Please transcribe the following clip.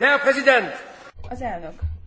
Der Präsident! Az elnök.